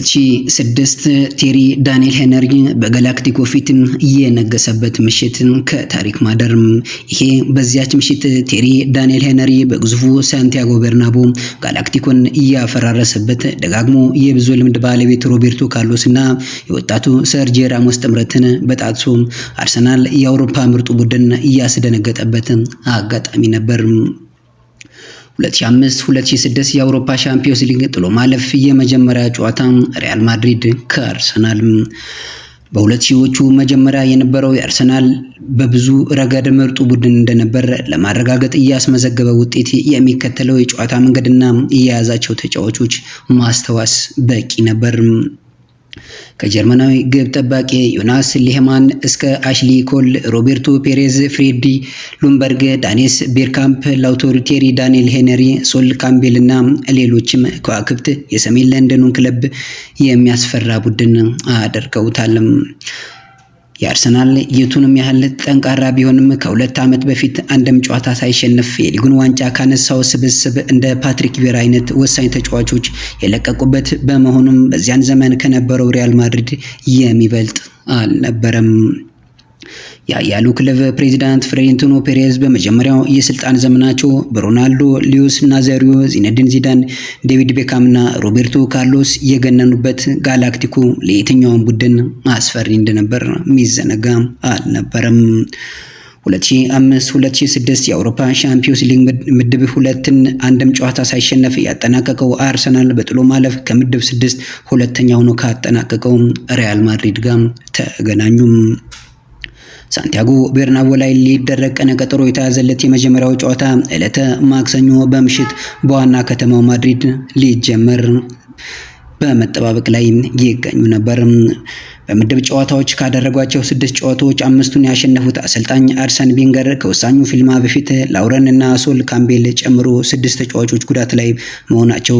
2006 ቴሪ ዳንኤል ሄነሪ በጋላክቲኮ ፊትን የነገሰበት ምሽት ከታሪክ ማደርም ይሄ በዚያች ምሽት ቴሪ ዳንኤል ሄነሪ በግዙፉ ሳንቲያጎ ቤርናቦ ጋላክቲኮን እያፈራረሰበት ደጋግሞ የብዙ ልምድ ባለቤት ሮቤርቶ ካርሎስ እና የወጣቱ ሰርጂ ራሞስ ጥምረትን በጣጥሶ አርሰናል የአውሮፓ ምርጡ ቡድን እያስደነገጠበት አጋጣሚ ነበር። 2005-2006 የአውሮፓ ሻምፒዮንስ ሊግ ጥሎ ማለፍ የመጀመሪያ ጨዋታ ሪያል ማድሪድ ከአርሰናል። በሁለት ሺዎቹ መጀመሪያ የነበረው የአርሰናል በብዙ ረገድ ምርጡ ቡድን እንደነበር ለማረጋገጥ እያስመዘገበ ውጤት የሚከተለው የጨዋታ መንገድና የያዛቸው ተጫዋቾች ማስተዋስ በቂ ነበር። ከጀርመናዊ ግብ ጠባቂ ዮናስ ሊህማን እስከ አሽሊ ኮል፣ ሮቤርቶ ፔሬዝ፣ ፍሬዲ ሉምበርግ፣ ዳኒስ ቤርካምፕ፣ ላውታሮ ቴሪ፣ ዳንኤል ሄነሪ፣ ሶል ካምቤል እና ሌሎችም ከዋክብት የሰሜን ለንደኑን ክለብ የሚያስፈራ ቡድን አድርገውታል። የአርሰናል የቱንም ያህል ጠንካራ ቢሆንም ከሁለት ዓመት በፊት አንድም ጨዋታ ሳይሸንፍ የሊጉን ዋንጫ ካነሳው ስብስብ እንደ ፓትሪክ ቪራ አይነት ወሳኝ ተጫዋቾች የለቀቁበት በመሆኑም በዚያን ዘመን ከነበረው ሪያል ማድሪድ የሚበልጥ አልነበረም። የአያሉ ክለብ ፕሬዚዳንት ፍሬንቲኖ ፔሬዝ በመጀመሪያው የስልጣን ዘመናቸው በሮናልዶ ሊዮስ ናዛሪዮ፣ ዚነዲን ዚዳን፣ ዴቪድ ቤካም እና ሮቤርቶ ካርሎስ የገነኑበት ጋላክቲኮ ለየትኛውም ቡድን አስፈሪ እንደነበር የሚዘነጋ አልነበረም። 2005-2006 የአውሮፓ ሻምፒዮንስ ሊግ ምድብ ሁለትን አንድም ጨዋታ ሳይሸነፍ ያጠናቀቀው አርሰናል በጥሎ ማለፍ ከምድብ ስድስት ሁለተኛ ሆኖ ካጠናቀቀው ሪያል ማድሪድ ጋር ተገናኙም። ሳንቲያጎ ቤርናቦ ላይ ሊደረግ ቀነ ቀጠሮ የተያዘለት የመጀመሪያው ጨዋታ ዕለተ ማክሰኞ በምሽት በዋና ከተማው ማድሪድ ሊጀመር በመጠባበቅ ላይ ይገኙ ነበር። በምድብ ጨዋታዎች ካደረጓቸው ስድስት ጨዋታዎች አምስቱን ያሸነፉት አሰልጣኝ አርሰን ቢንገር ከወሳኙ ፊልማ በፊት ላውረን እና ሶል ካምቤል ጨምሮ ስድስት ተጫዋቾች ጉዳት ላይ መሆናቸው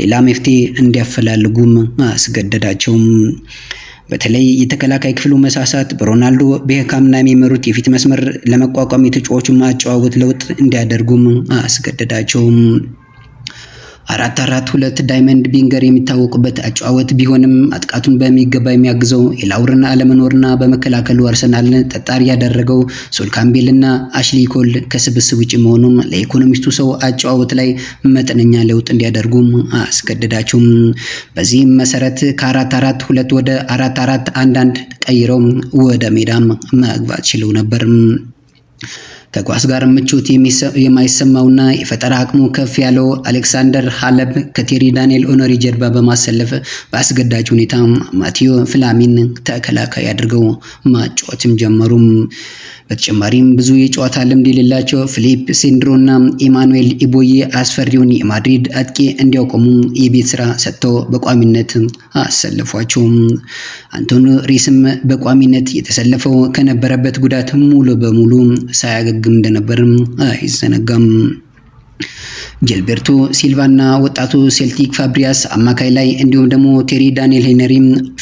ሌላ መፍትሄ እንዲያፈላልጉም አስገደዳቸው። በተለይ የተከላካይ ክፍሉ መሳሳት በሮናልዶ ቤካምና የሚመሩት የፊት መስመር ለመቋቋም የተጫዋቹን ማጨዋወት ለውጥ እንዲያደርጉም አስገደዳቸውም። አራት አራት ሁለት ዳይመንድ ቢንገር የሚታወቁበት አጨዋወት ቢሆንም አጥቃቱን በሚገባ የሚያግዘው የላውርን አለመኖርና በመከላከሉ አርሰናልን ጠጣሪ ያደረገው ሶልካምቤልና አሽሊ ኮል ከስብስብ ውጭ መሆኑም ለኢኮኖሚስቱ ሰው አጨዋወት ላይ መጠነኛ ለውጥ እንዲያደርጉም አስገደዳቸውም። በዚህም መሰረት ከአራት አራት ሁለት ወደ አራት አራት አንዳንድ ቀይረው ወደ ሜዳም መግባት ችለው ነበር። ከኳስ ጋር ምቾት የማይሰማውና የፈጠራ አቅሙ ከፍ ያለው አሌክሳንደር ሃለብ ከቴሪ ዳንኤል ኦነሪ ጀርባ በማሰለፍ በአስገዳጅ ሁኔታ ማቲዮ ፍላሚን ተከላካይ አድርገው ማጫወትም ጀመሩም። በተጨማሪም ብዙ የጨዋታ ልምድ የሌላቸው ፊሊፕ ሴንድሮ እና ኢማኑኤል ኢቦዬ አስፈሪውን የማድሪድ አጥቂ እንዲያቆሙ የቤት ስራ ሰጥተው በቋሚነት አሰለፏቸው። አንቶኒ ሬስም በቋሚነት የተሰለፈው ከነበረበት ጉዳት ሙሉ በሙሉ ሳያገግም እንደነበር አይዘነጋም። ጀልቤርቶ ሲልቫና ወጣቱ ሴልቲክ ፋብሪያስ አማካይ ላይ እንዲሁም ደግሞ ቴሪ ዳንኤል ሄነሪ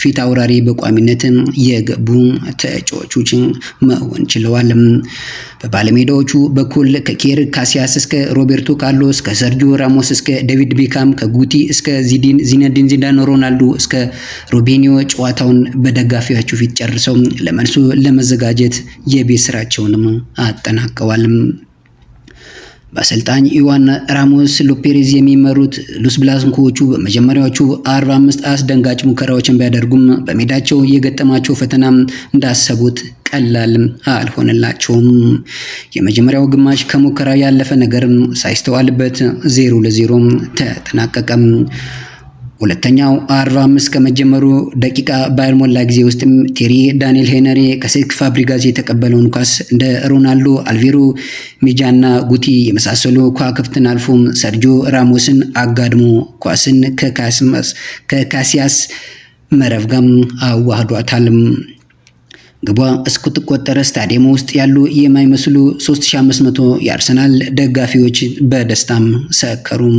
ፊት አውራሪ በቋሚነት የገቡ ተጫዋቾች መሆን ችለዋል። በባለሜዳዎቹ በኩል ከኬር ካሲያስ እስከ ሮቤርቶ ካርሎስ፣ ከሰርጂዮ ራሞስ እስከ ዴቪድ ቤካም፣ ከጉቲ እስከ ዚነዲን ዚዳን ሮናልዶ እስከ ሮቢኒዮ ጨዋታውን በደጋፊያቸው ፊት ጨርሰው ለመልሱ ለመዘጋጀት የቤት ስራቸውንም አጠናቀዋል። በአሰልጣኝ ኢዋን ራሞስ ሎፔሬዝ የሚመሩት ሉስ ብላንኮቹ በመጀመሪያዎቹ 45 አስደንጋጭ ሙከራዎችን ቢያደርጉም በሜዳቸው የገጠማቸው ፈተና እንዳሰቡት ቀላል አልሆነላቸውም። የመጀመሪያው ግማሽ ከሙከራ ያለፈ ነገር ሳይስተዋልበት ለ0 ተጠናቀቀም። ሁለተኛው 45 ከመጀመሩ ደቂቃ ባልሞላ ጊዜ ውስጥም ቴሪ ዳንኤል ሄነሪ ከሴክ ፋብሪጋዝ የተቀበለውን ኳስ እንደ ሮናልዶ አልቬሮ፣ ሚጃና ጉቲ የመሳሰሉ ኳክፍትን አልፎም ሰርጆ ራሞስን አጋድሞ ኳስን ከካሲያስ መረብ ጋም አዋህዷታልም። ግቧ እስክትቆጠረ ስታዲየም ውስጥ ያሉ የማይመስሉ 3500 የአርሰናል ደጋፊዎች በደስታም ሰከሩም።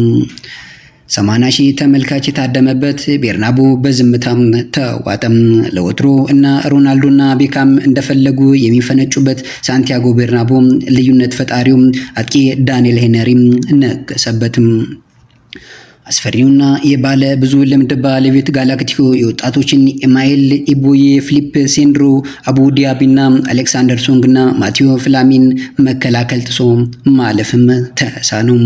ሰማንያ ሺህ ተመልካች የታደመበት ቤርናቡ በዝምታም ተዋጠም። ለወትሮ እና ሮናልዶና ቤካም እንደፈለጉ የሚፈነጩበት ሳንቲያጎ ቤርናቡ ልዩነት ፈጣሪው አጥቂ ዳንኤል ሄነሪም ነገሰበትም። አስፈሪውና የባለ ብዙ ልምድ ባለቤት ጋላክቲኮ የወጣቶችን ኢማኤል ኢቦዬ፣ ፊሊፕ ሴንድሮ፣ አቡ ዲያቢና አሌክሳንደር ሶንግና ማቴዎ ፍላሚን መከላከል ጥሶ ማለፍም ተሳነው።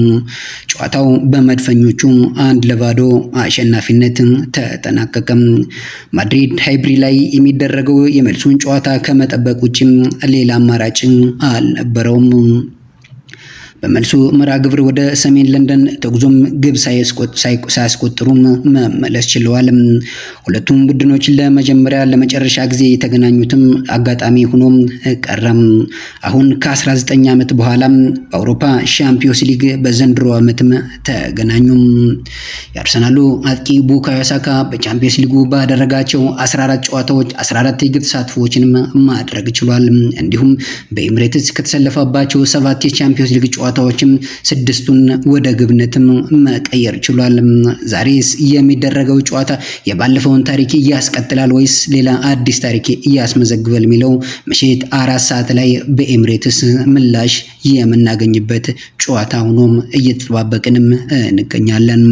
ጨዋታው በመድፈኞቹ አንድ ለባዶ አሸናፊነት ተጠናቀቀም። ማድሪድ ሃይብሪ ላይ የሚደረገው የመልሱን ጨዋታ ከመጠበቅ ውጭም ሌላ አማራጭ አልነበረውም። በመልሱ መርሃ ግብር ወደ ሰሜን ለንደን ተጉዞም ግብ ሳያስቆጥሩም መመለስ ችለዋል። ሁለቱም ቡድኖች ለመጀመሪያ ለመጨረሻ ጊዜ የተገናኙትም አጋጣሚ ሆኖም ቀረም። አሁን ከ19 ዓመት በኋላ በአውሮፓ ሻምፒዮንስ ሊግ በዘንድሮ ዓመትም ተገናኙም። የአርሰናሉ አጥቂ ቡካዮ ሳካ በቻምፒዮንስ ሊጉ ባደረጋቸው 14 ጨዋታዎች 14 የግብ ተሳትፎዎችንም ማድረግ ችሏል። እንዲሁም በኤምሬትስ ከተሰለፈባቸው ሰባት የቻምፒዮንስ ሊግ ጨዋ ጨዋታዎችም ስድስቱን ወደ ግብነትም መቀየር ችሏል። ዛሬስ የሚደረገው ጨዋታ የባለፈውን ታሪክ ያስቀጥላል ወይስ ሌላ አዲስ ታሪክ ያስመዘግባል የሚለው ምሽት አራት ሰዓት ላይ በኤምሬትስ ምላሽ የምናገኝበት ጨዋታ ሆኖም እየተጠባበቅንም እንገኛለን።